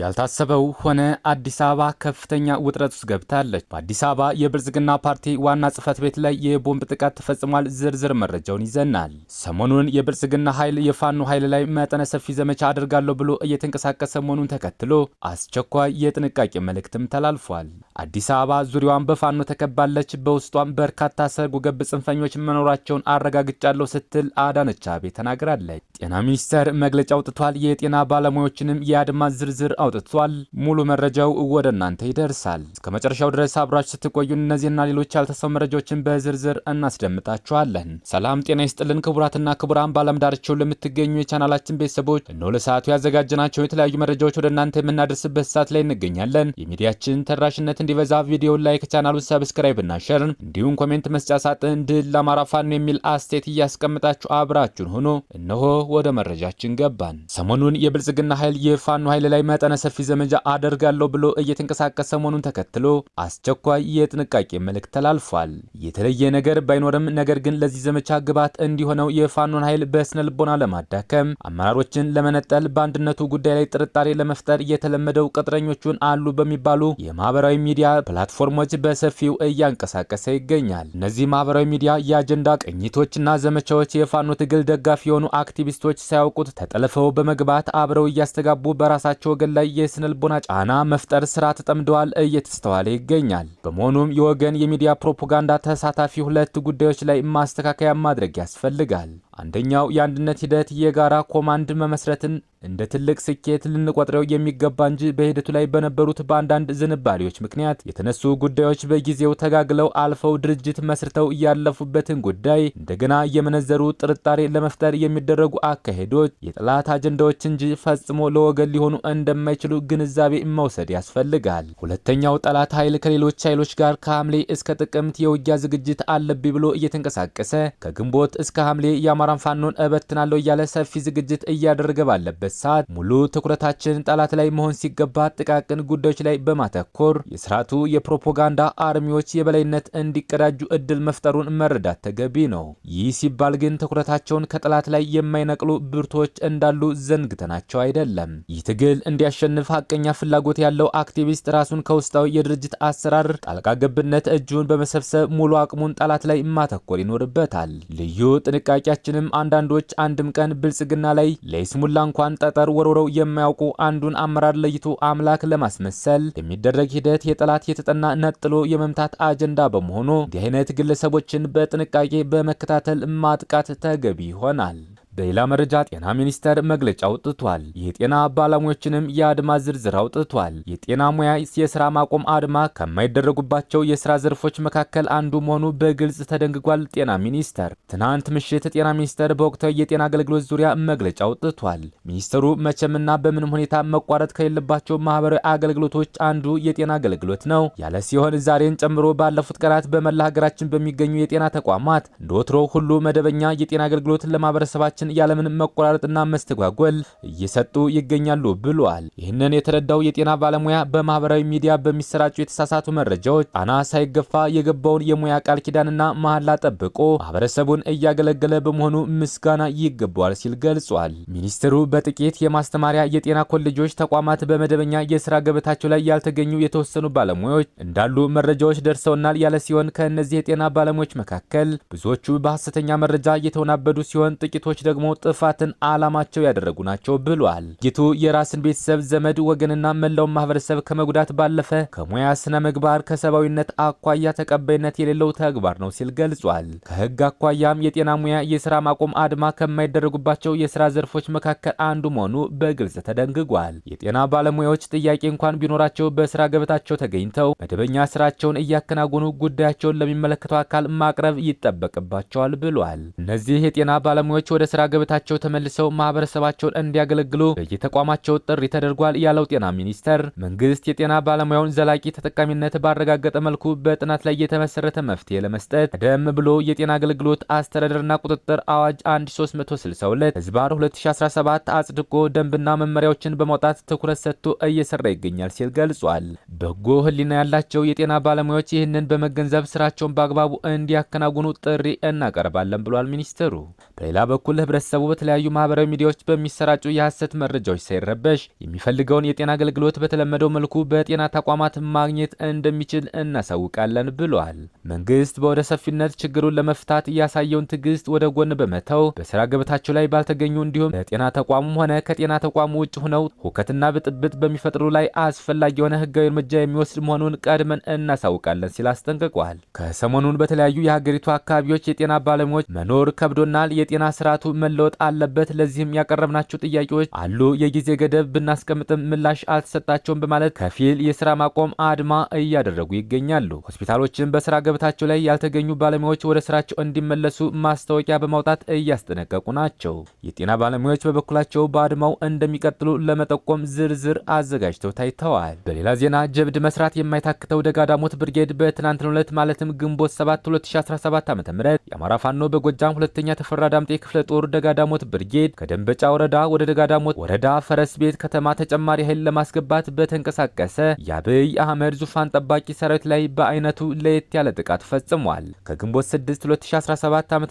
ያልታሰበው ሆነ። አዲስ አበባ ከፍተኛ ውጥረት ውስጥ ገብታለች። በአዲስ አበባ የብልጽግና ፓርቲ ዋና ጽህፈት ቤት ላይ የቦምብ ጥቃት ተፈጽሟል። ዝርዝር መረጃውን ይዘናል። ሰሞኑን የብልጽግና ኃይል የፋኖ ኃይል ላይ መጠነ ሰፊ ዘመቻ አድርጋለሁ ብሎ እየተንቀሳቀሰ መሆኑን ተከትሎ አስቸኳይ የጥንቃቄ መልእክትም ተላልፏል። አዲስ አበባ ዙሪያዋን በፋኖ ተከባለች፣ በውስጧም በርካታ ሰርጎ ገብ ጽንፈኞች መኖራቸውን አረጋግጫለሁ ስትል አዳነች አቤቤ ተናግራለች። ጤና ሚኒስቴር መግለጫ አውጥቷል። የጤና ባለሙያዎችንም የአድማ ዝርዝር አውጥቷል። ሙሉ መረጃው ወደ እናንተ ይደርሳል። እስከ መጨረሻው ድረስ አብራችሁ ስትቆዩ እነዚህና ሌሎች ያልተሰሙ መረጃዎችን በዝርዝር እናስደምጣችኋለን። ሰላም ጤና ይስጥልን ክቡራትና ክቡራን በዓለም ዳርቻው ለምትገኙ የቻናላችን ቤተሰቦች እነሆ ለሰዓቱ ያዘጋጀናቸው የተለያዩ መረጃዎች ወደ እናንተ የምናደርስበት ሰዓት ላይ እንገኛለን። የሚዲያችን ተደራሽነት እንዲበዛ ቪዲዮ ላይ ከቻናሉ ሰብስክራይብ እና ሸር እንዲሁም ኮሜንት መስጫ ሳጥን ድል ለአማራ ፋኖ የሚል አስተያየት እያስቀምጣችሁ አብራችሁን ሆኖ እነሆ ወደ መረጃችን ገባን። ሰሞኑን የብልጽግና ኃይል የፋኖ ኃይል ላይ መጠን መጠነ ሰፊ ዘመጃ አደርጋለሁ ብሎ እየተንቀሳቀሰ መሆኑን ተከትሎ አስቸኳይ የጥንቃቄ መልእክት ተላልፏል። የተለየ ነገር ባይኖርም ነገር ግን ለዚህ ዘመቻ ግብዓት እንዲሆነው የፋኖን ኃይል በስነ ልቦና ለማዳከም አመራሮችን ለመነጠል፣ በአንድነቱ ጉዳይ ላይ ጥርጣሬ ለመፍጠር የተለመደው ቅጥረኞቹን አሉ በሚባሉ የማህበራዊ ሚዲያ ፕላትፎርሞች በሰፊው እያንቀሳቀሰ ይገኛል። እነዚህ ማህበራዊ ሚዲያ የአጀንዳ ቅኝቶችና ዘመቻዎች የፋኖ ትግል ደጋፊ የሆኑ አክቲቪስቶች ሳያውቁት ተጠልፈው በመግባት አብረው እያስተጋቡ በራሳቸው ወገን ላይ ላይ የስነልቦና ጫና መፍጠር ስራ ተጠምደዋል እየተስተዋለ ይገኛል። በመሆኑም የወገን የሚዲያ ፕሮፓጋንዳ ተሳታፊ ሁለት ጉዳዮች ላይ ማስተካከያ ማድረግ ያስፈልጋል። አንደኛው የአንድነት ሂደት የጋራ ኮማንድ መመስረትን እንደ ትልቅ ስኬት ልንቆጥረው የሚገባ እንጂ በሂደቱ ላይ በነበሩት በአንዳንድ ዝንባሌዎች ምክንያት የተነሱ ጉዳዮች በጊዜው ተጋግለው አልፈው ድርጅት መስርተው እያለፉበትን ጉዳይ እንደገና የመነዘሩ ጥርጣሬ ለመፍጠር የሚደረጉ አካሄዶች የጠላት አጀንዳዎች እንጂ ፈጽሞ ለወገን ሊሆኑ እንደማይችሉ ግንዛቤ መውሰድ ያስፈልጋል። ሁለተኛው ጠላት ኃይል ከሌሎች ኃይሎች ጋር ከሐምሌ እስከ ጥቅምት የውጊያ ዝግጅት አለብኝ ብሎ እየተንቀሳቀሰ ከግንቦት እስከ ሐምሌ የአማራን ፋኖን እበትናለሁ እያለ ሰፊ ዝግጅት እያደረገ ባለበት ሰዓት ሙሉ ትኩረታችን ጠላት ላይ መሆን ሲገባ ጥቃቅን ጉዳዮች ላይ በማተኮር የስርዓቱ የፕሮፓጋንዳ አርሚዎች የበላይነት እንዲቀዳጁ እድል መፍጠሩን መረዳት ተገቢ ነው። ይህ ሲባል ግን ትኩረታቸውን ከጠላት ላይ የማይነቅሉ ብርቶች እንዳሉ ዘንግተናቸው አይደለም። ይህ ትግል እንዲያሸንፍ ሀቀኛ ፍላጎት ያለው አክቲቪስት ራሱን ከውስጣዊ የድርጅት አሰራር ጣልቃ ገብነት እጁን በመሰብሰብ ሙሉ አቅሙን ጠላት ላይ ማተኮር ይኖርበታል። ልዩ ጥንቃቄያችን ከመሆናችንም አንዳንዶች አንድም ቀን ብልጽግና ላይ ለይስሙላ እንኳን ጠጠር ወርውረው የማያውቁ አንዱን አመራር ለይቶ አምላክ ለማስመሰል የሚደረግ ሂደት የጠላት የተጠና ነጥሎ የመምታት አጀንዳ በመሆኑ እንዲህ አይነት ግለሰቦችን በጥንቃቄ በመከታተል ማጥቃት ተገቢ ይሆናል። በሌላ መረጃ ጤና ሚኒስቴር መግለጫ አውጥቷል። የጤና ባለሙያዎችንም የአድማ ዝርዝር አውጥቷል። የጤና ሙያ የስራ ማቆም አድማ ከማይደረጉባቸው የስራ ዘርፎች መካከል አንዱ መሆኑ በግልጽ ተደንግጓል። ጤና ሚኒስቴር ትናንት ምሽት ጤና ሚኒስቴር በወቅታዊ የጤና አገልግሎት ዙሪያ መግለጫ አውጥቷል። ሚኒስቴሩ መቼምና በምንም ሁኔታ መቋረጥ ከሌለባቸው ማህበራዊ አገልግሎቶች አንዱ የጤና አገልግሎት ነው ያለ ሲሆን ዛሬን ጨምሮ ባለፉት ቀናት በመላ ሀገራችን በሚገኙ የጤና ተቋማት እንደወትሮ ሁሉ መደበኛ የጤና አገልግሎት ለማህበረሰባችን ሰዎችን ያለምንም መቆራረጥና መስተጓጎል እየሰጡ ይገኛሉ ብሏል። ይህንን የተረዳው የጤና ባለሙያ በማህበራዊ ሚዲያ በሚሰራጩ የተሳሳቱ መረጃዎች ጣና ሳይገፋ የገባውን የሙያ ቃል ኪዳንና መሐላ ጠብቆ ማህበረሰቡን እያገለገለ በመሆኑ ምስጋና ይገባዋል ሲል ገልጿል። ሚኒስትሩ በጥቂት የማስተማሪያ የጤና ኮሌጆች ተቋማት በመደበኛ የስራ ገበታቸው ላይ ያልተገኙ የተወሰኑ ባለሙያዎች እንዳሉ መረጃዎች ደርሰውናል ያለ ሲሆን ከእነዚህ የጤና ባለሙያዎች መካከል ብዙዎቹ በሐሰተኛ መረጃ እየተወናበዱ ሲሆን ጥቂቶች ደግሞ ጥፋትን ዓላማቸው ያደረጉ ናቸው ብሏል። ጌቱ የራስን ቤተሰብ፣ ዘመድ፣ ወገንና መላውን ማህበረሰብ ከመጉዳት ባለፈ ከሙያ ስነ ምግባር፣ ከሰብአዊነት አኳያ ተቀባይነት የሌለው ተግባር ነው ሲል ገልጿል። ከህግ አኳያም የጤና ሙያ የስራ ማቆም አድማ ከማይደረጉባቸው የስራ ዘርፎች መካከል አንዱ መሆኑ በግልጽ ተደንግጓል። የጤና ባለሙያዎች ጥያቄ እንኳን ቢኖራቸው በስራ ገበታቸው ተገኝተው መደበኛ ስራቸውን እያከናወኑ ጉዳያቸውን ለሚመለከተው አካል ማቅረብ ይጠበቅባቸዋል ብሏል። እነዚህ የጤና ባለሙያዎች ወደ ስራ ወደ ገበታቸው ተመልሰው ማህበረሰባቸውን እንዲያገለግሉ በየተቋማቸው ጥሪ ተደርጓል ያለው ጤና ሚኒስቴር መንግስት የጤና ባለሙያውን ዘላቂ ተጠቃሚነት ባረጋገጠ መልኩ በጥናት ላይ የተመሰረተ መፍትሄ ለመስጠት ቀደም ብሎ የጤና አገልግሎት አስተዳደርና ቁጥጥር አዋጅ 1362 ህዝባር 2017 አጽድቆ ደንብና መመሪያዎችን በማውጣት ትኩረት ሰጥቶ እየሰራ ይገኛል ሲል ገልጿል። በጎ ህሊና ያላቸው የጤና ባለሙያዎች ይህንን በመገንዘብ ስራቸውን በአግባቡ እንዲያከናውኑ ጥሪ እናቀርባለን ብሏል ሚኒስትሩ። በሌላ በኩል ህብረተሰቡ በተለያዩ ማህበራዊ ሚዲያዎች በሚሰራጩ የሐሰት መረጃዎች ሳይረበሽ የሚፈልገውን የጤና አገልግሎት በተለመደው መልኩ በጤና ተቋማት ማግኘት እንደሚችል እናሳውቃለን ብሏል። መንግስት በወደ ሰፊነት ችግሩን ለመፍታት እያሳየውን ትዕግስት ወደ ጎን በመተው በስራ ገበታቸው ላይ ባልተገኙ እንዲሁም በጤና ተቋሙም ሆነ ከጤና ተቋሙ ውጭ ሆነው ሁከትና ብጥብጥ በሚፈጥሩ ላይ አስፈላጊ የሆነ ህጋዊ እርምጃ የሚወስድ መሆኑን ቀድመን እናሳውቃለን ሲል አስጠንቅቋል። ከሰሞኑን በተለያዩ የሀገሪቱ አካባቢዎች የጤና ባለሙያዎች መኖር ከብዶናል፣ የጤና ስርዓቱ መለወጥ አለበት። ለዚህም ያቀረብናቸው ጥያቄዎች አሉ። የጊዜ ገደብ ብናስቀምጥም ምላሽ አልተሰጣቸውም በማለት ከፊል የስራ ማቆም አድማ እያደረጉ ይገኛሉ። ሆስፒታሎችን በስራ ገበታቸው ላይ ያልተገኙ ባለሙያዎች ወደ ስራቸው እንዲመለሱ ማስታወቂያ በማውጣት እያስጠነቀቁ ናቸው። የጤና ባለሙያዎች በበኩላቸው በአድማው እንደሚቀጥሉ ለመጠቆም ዝርዝር አዘጋጅተው ታይተዋል። በሌላ ዜና ጀብድ መስራት የማይታክተው ደጋዳሞት ብርጌድ በትናንትናው ዕለት ማለትም ግንቦት 7 2017 ዓ.ም የአማራ ፋኖ በጎጃም ሁለተኛ ተፈራ ዳምጤ ክፍለ ጦር ደጋዳሞት ብርጌድ ከደንበጫ ወረዳ ወደ ደጋዳሞት ወረዳ ፈረስ ቤት ከተማ ተጨማሪ ኃይል ለማስገባት በተንቀሳቀሰ የአብይ አህመድ ዙፋን ጠባቂ ሰራዊት ላይ በአይነቱ ለየት ያለ ጥቃት ፈጽሟል። ከግንቦት 6 2017 ዓ.ም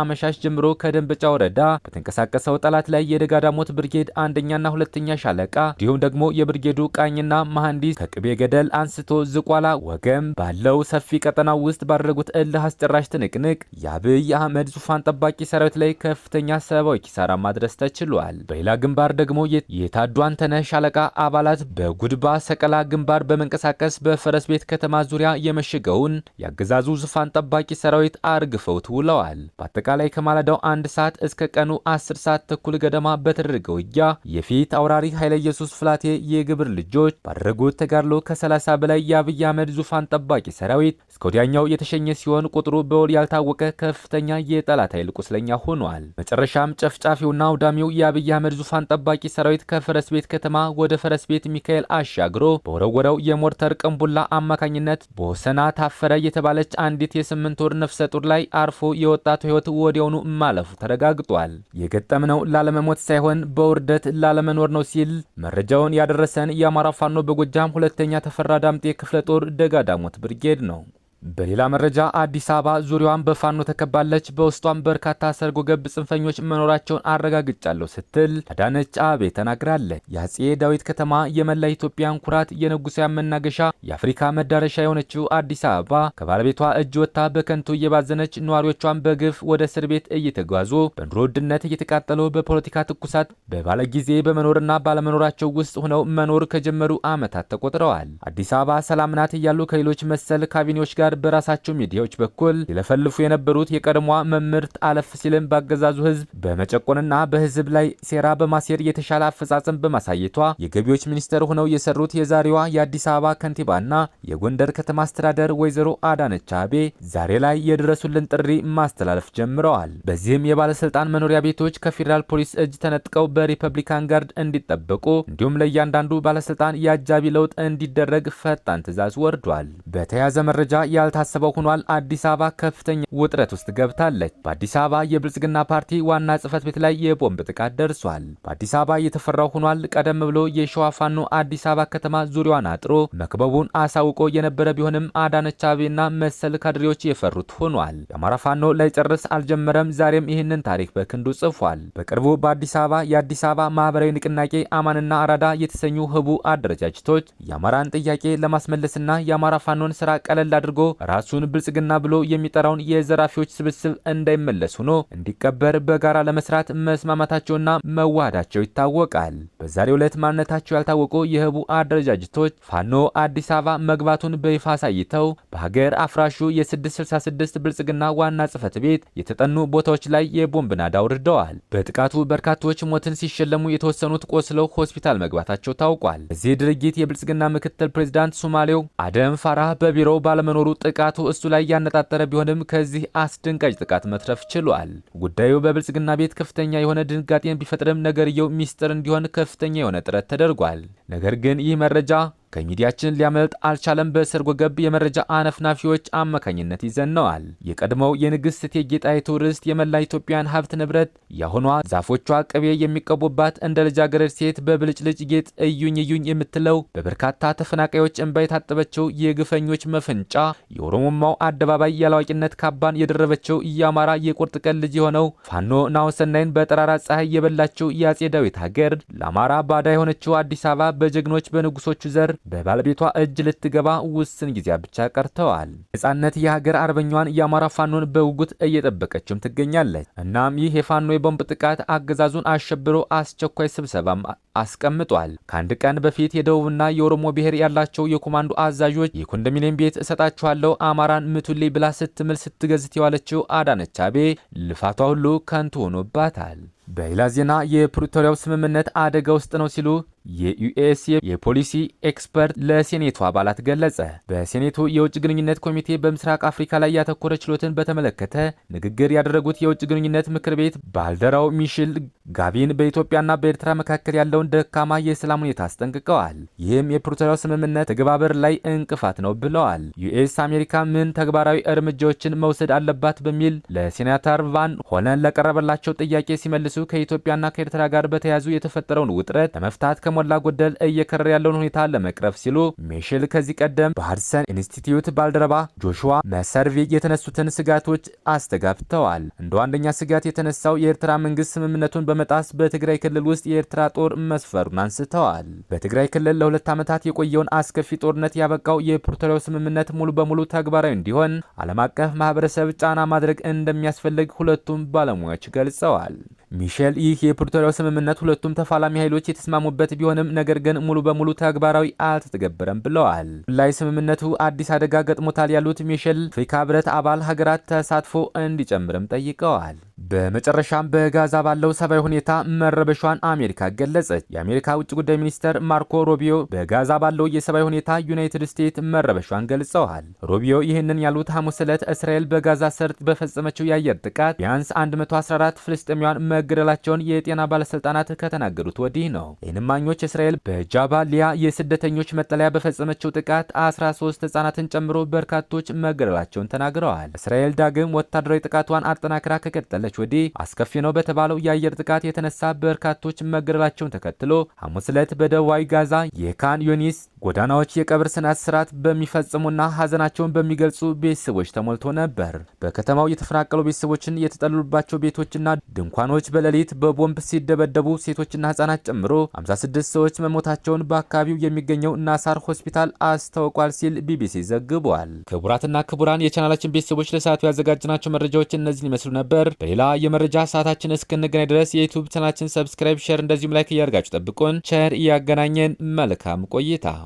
አመሻሽ ጀምሮ ከደንበጫ ወረዳ በተንቀሳቀሰው ጠላት ላይ የደጋዳሞት ብርጌድ አንደኛና ሁለተኛ ሻለቃ እንዲሁም ደግሞ የብርጌዱ ቃኝና መሐንዲስ ከቅቤ ገደል አንስቶ ዝቋላ ወገም ባለው ሰፊ ቀጠና ውስጥ ባደረጉት እልህ አስጨራሽ ትንቅንቅ የአብይ አህመድ ዙፋን ጠባቂ ሰራዊት ላይ ከፍተኛ ከፍተኛ ሰባዊ ኪሳራ ማድረስ ተችሏል። በሌላ ግንባር ደግሞ የታዱ አንተነህ ሻለቃ አባላት በጉድባ ሰቀላ ግንባር በመንቀሳቀስ በፈረስ ቤት ከተማ ዙሪያ የመሸገውን የአገዛዙ ዙፋን ጠባቂ ሰራዊት አርግፈውት ውለዋል። በአጠቃላይ ከማለዳው አንድ ሰዓት እስከ ቀኑ አስር ሰዓት ተኩል ገደማ በተደረገ ውጊያ የፊት አውራሪ ኃይለ ኢየሱስ ፍላቴ የግብር ልጆች ባደረጉት ተጋድሎ ከ30 በላይ የአብይ አህመድ ዙፋን ጠባቂ ሰራዊት እስከ ወዲያኛው የተሸኘ ሲሆን ቁጥሩ በውል ያልታወቀ ከፍተኛ የጠላት ኃይል ቁስለኛ ሆኗል። በመጨረሻም ጨፍጫፊውና አውዳሚው የአብይ አህመድ ዙፋን ጠባቂ ሰራዊት ከፈረስ ቤት ከተማ ወደ ፈረስ ቤት ሚካኤል አሻግሮ በወረወረው የሞርተር ቅንቡላ አማካኝነት በወሰና ታፈረ የተባለች አንዲት የስምንት ወር ነፍሰ ጡር ላይ አርፎ የወጣቱ ህይወት ወዲያውኑ ማለፉ ተረጋግጧል። የገጠምነው ላለመሞት ሳይሆን በውርደት ላለመኖር ነው ሲል መረጃውን ያደረሰን የአማራ ፋኖ በጎጃም ሁለተኛ ተፈራ ዳምጤ ክፍለ ጦር ደጋዳሞት ብርጌድ ነው። በሌላ መረጃ አዲስ አበባ ዙሪያዋን በፋኖ ተከባለች፣ በውስጧም በርካታ ሰርጎ ገብ ጽንፈኞች መኖራቸውን አረጋግጫለሁ ስትል አዳነች አቤ ተናግራለች። የአጼ ዳዊት ከተማ የመላ ኢትዮጵያን ኩራት፣ የንጉሳውያን መናገሻ፣ የአፍሪካ መዳረሻ የሆነችው አዲስ አበባ ከባለቤቷ እጅ ወጥታ በከንቱ እየባዘነች ነዋሪዎቿን በግፍ ወደ እስር ቤት እየተጓዙ በኑሮ ውድነት እየተቃጠሉ በፖለቲካ ትኩሳት በባለ ጊዜ በመኖርና ባለመኖራቸው ውስጥ ሆነው መኖር ከጀመሩ ዓመታት ተቆጥረዋል። አዲስ አበባ ሰላም ናት እያሉ ከሌሎች መሰል ካቢኔዎች ጋር በራሳቸው ሚዲያዎች በኩል ሲለፈልፉ የነበሩት የቀድሞዋ መምህርት አለፍ ሲልም ባገዛዙ ህዝብ በመጨቆንና በህዝብ ላይ ሴራ በማሴር የተሻለ አፈጻጸም በማሳየቷ የገቢዎች ሚኒስተር ሆነው የሰሩት የዛሬዋ የአዲስ አበባ ከንቲባና የጎንደር ከተማ አስተዳደር ወይዘሮ አዳነች አቤ ዛሬ ላይ የድረሱልን ጥሪ ማስተላለፍ ጀምረዋል። በዚህም የባለስልጣን መኖሪያ ቤቶች ከፌዴራል ፖሊስ እጅ ተነጥቀው በሪፐብሊካን ጋርድ እንዲጠበቁ እንዲሁም ለእያንዳንዱ ባለስልጣን የአጃቢ ለውጥ እንዲደረግ ፈጣን ትዕዛዝ ወርዷል። በተያያዘ መረጃ ያልታሰበው ሆኗል። አዲስ አበባ ከፍተኛ ውጥረት ውስጥ ገብታለች። በአዲስ አበባ የብልጽግና ፓርቲ ዋና ጽህፈት ቤት ላይ የቦምብ ጥቃት ደርሷል። በአዲስ አበባ የተፈራው ሆኗል። ቀደም ብሎ የሸዋ ፋኖ አዲስ አበባ ከተማ ዙሪያዋን አጥሮ መክበቡን አሳውቆ የነበረ ቢሆንም አዳነች አቤቤና መሰል ካድሬዎች የፈሩት ሆኗል። የአማራ ፋኖ ላይ አልጀመረም። ዛሬም ይህንን ታሪክ በክንዱ ጽፏል። በቅርቡ በአዲስ አበባ የአዲስ አበባ ማህበራዊ ንቅናቄ አማንና አራዳ የተሰኙ ህቡ አደረጃጀቶች የአማራን ጥያቄ ለማስመለስና የአማራ ፋኖን ስራ ቀለል አድርጎ ራሱን ብልጽግና ብሎ የሚጠራውን የዘራፊዎች ስብስብ እንዳይመለስ ሆኖ እንዲቀበር በጋራ ለመስራት መስማማታቸውና መዋሃዳቸው ይታወቃል። በዛሬው ዕለት ማንነታቸው ያልታወቁ የህቡ አደረጃጀቶች ፋኖ አዲስ አበባ መግባቱን በይፋ አሳይተው በሀገር አፍራሹ የ666 ብልጽግና ዋና ጽህፈት ቤት የተጠኑ ቦታዎች ላይ የቦምብ ናዳ አውርደዋል። በጥቃቱ በርካቶች ሞትን ሲሸለሙ፣ የተወሰኑት ቆስለው ሆስፒታል መግባታቸው ታውቋል። በዚህ ድርጊት የብልጽግና ምክትል ፕሬዚዳንት ሶማሌው አደም ፋራህ በቢሮው ባለመኖሩ ጥቃቱ እሱ ላይ ያነጣጠረ ቢሆንም ከዚህ አስደንጋጭ ጥቃት መትረፍ ችሏል። ጉዳዩ በብልጽግና ቤት ከፍተኛ የሆነ ድንጋጤን ቢፈጥርም ነገርየው ሚስጥር እንዲሆን ከፍተኛ የሆነ ጥረት ተደርጓል። ነገር ግን ይህ መረጃ ከሚዲያችን ሊያመልጥ አልቻለም። በሰርጎ ገብ የመረጃ አነፍናፊዎች አማካኝነት ይዘነዋል። የቀድሞው የንግሥት እቴጌ ጣይቱ ርስት የመላ ኢትዮጵያን ሀብት ንብረት፣ የአሁኗ ዛፎቿ ቅቤ የሚቀቡባት እንደ ልጃገረድ ሴት በብልጭልጭ ጌጥ እዩኝ እዩኝ የምትለው በበርካታ ተፈናቃዮች እንባ የታጠበችው የግፈኞች መፈንጫ፣ የኦሮሞማው አደባባይ ያላዋቂነት ካባን የደረበችው የአማራ የቁርጥ ቀን ልጅ የሆነው ፋኖ ናሁሰናይን በጠራራ ፀሐይ የበላችው የአጼ ዳዊት ሀገር፣ ለአማራ ባዳ የሆነችው አዲስ አበባ በጀግኖች በንጉሶቹ ዘር በባለቤቷ እጅ ልትገባ ውስን ጊዜ ብቻ ቀርተዋል። ነጻነት የሀገር አርበኛዋን የአማራ ፋኖን በጉጉት እየጠበቀችም ትገኛለች። እናም ይህ የፋኖ የቦምብ ጥቃት አገዛዙን አሸብሮ አስቸኳይ ስብሰባም አስቀምጧል። ከአንድ ቀን በፊት የደቡብና የኦሮሞ ብሔር ያላቸው የኮማንዶ አዛዦች የኮንዶሚኒየም ቤት እሰጣችኋለሁ አማራን ምቱሌ ብላ ስትምል ስትገዝት የዋለችው አዳነች አቤ ልፋቷ ሁሉ ከንቱ ሆኖባታል። በሌላ ዜና የፕሪቶሪያው ስምምነት አደጋ ውስጥ ነው ሲሉ የዩኤስ የፖሊሲ ኤክስፐርት ለሴኔቱ አባላት ገለጸ። በሴኔቱ የውጭ ግንኙነት ኮሚቴ በምስራቅ አፍሪካ ላይ ያተኮረ ችሎትን በተመለከተ ንግግር ያደረጉት የውጭ ግንኙነት ምክር ቤት ባልደራው ሚሽል ጋቪን በኢትዮጵያና በኤርትራ መካከል ያለውን ደካማ የሰላም ሁኔታ አስጠንቅቀዋል። ይህም የፕሪቶሪያው ስምምነት ተግባበር ላይ እንቅፋት ነው ብለዋል። ዩኤስ አሜሪካ ምን ተግባራዊ እርምጃዎችን መውሰድ አለባት በሚል ለሴናተር ቫን ሆለን ለቀረበላቸው ጥያቄ ሲመልሱ ከኢትዮጵያና ከኤርትራ ጋር በተያያዙ የተፈጠረውን ውጥረት ለመፍታት ከ ከሞላ ጎደል እየከረረ ያለውን ሁኔታ ለመቅረፍ ሲሉ ሚሼል ከዚህ ቀደም በሃድሰን ኢንስቲትዩት ባልደረባ ጆሹዋ መሰርቪ የተነሱትን ስጋቶች አስተጋብተዋል። እንደ ዋነኛ ስጋት የተነሳው የኤርትራ መንግስት ስምምነቱን በመጣስ በትግራይ ክልል ውስጥ የኤርትራ ጦር መስፈሩን አንስተዋል። በትግራይ ክልል ለሁለት ዓመታት የቆየውን አስከፊ ጦርነት ያበቃው የፕሪቶሪያው ስምምነት ሙሉ በሙሉ ተግባራዊ እንዲሆን ዓለም አቀፍ ማህበረሰብ ጫና ማድረግ እንደሚያስፈልግ ሁለቱም ባለሙያዎች ገልጸዋል። ሚሼል ይህ የፕሪቶሪያው ስምምነት ሁለቱም ተፋላሚ ኃይሎች የተስማሙበት ቢሆንም ነገር ግን ሙሉ በሙሉ ተግባራዊ አልተተገበረም ብለዋል። ላይ ስምምነቱ አዲስ አደጋ ገጥሞታል ያሉት ሚሼል አፍሪካ ህብረት አባል ሀገራት ተሳትፎ እንዲጨምርም ጠይቀዋል። በመጨረሻም በጋዛ ባለው ሰብአዊ ሁኔታ መረበሿን አሜሪካ ገለጸች። የአሜሪካ ውጭ ጉዳይ ሚኒስትር ማርኮ ሮቢዮ በጋዛ ባለው የሰብአዊ ሁኔታ ዩናይትድ ስቴትስ መረበሿን ገልጸዋል። ሮቢዮ ይህንን ያሉት ሐሙስ ዕለት እስራኤል በጋዛ ሰርጥ በፈጸመችው የአየር ጥቃት ቢያንስ 114 ፍልስጤማውያን መገደላቸውን የጤና ባለስልጣናት ከተናገሩት ወዲህ ነው። የዓይን እማኞች እስራኤል በጃባሊያ የስደተኞች መጠለያ በፈጸመችው ጥቃት 13 ህጻናትን ጨምሮ በርካቶች መገደላቸውን ተናግረዋል። እስራኤል ዳግም ወታደራዊ ጥቃቷን አጠናክራ ከቀጠለች ወዲህ አስከፊ ነው በተባለው የአየር ጥቃት የተነሳ በርካቶች መገደላቸውን ተከትሎ ሐሙስ ዕለት በደቡባዊ ጋዛ የካን ዩኒስ ጎዳናዎች የቀብር ስነ ስርዓት በሚፈጽሙና ሀዘናቸውን በሚገልጹ ቤተሰቦች ተሞልቶ ነበር። በከተማው የተፈናቀሉ ቤተሰቦችን የተጠለሉባቸው ቤቶችና ድንኳኖች በሌሊት በቦምብ ሲደበደቡ ሴቶችና ህጻናት ጨምሮ 56 ሰዎች መሞታቸውን በአካባቢው የሚገኘው ናሳር ሆስፒታል አስታውቋል ሲል ቢቢሲ ዘግቧል። ክቡራትና ክቡራን የቻናላችን ቤተሰቦች ለሰዓቱ ያዘጋጅናቸው መረጃዎች እነዚህን ይመስሉ ነበር። በሌላ የመረጃ ሰዓታችን እስክንገናኝ ድረስ የዩቱብ ቻናላችን ሰብስክራይብ፣ ሼር እንደዚሁም ላይክ እያደርጋችሁ ጠብቁን። ቸር እያገናኘን መልካም ቆይታ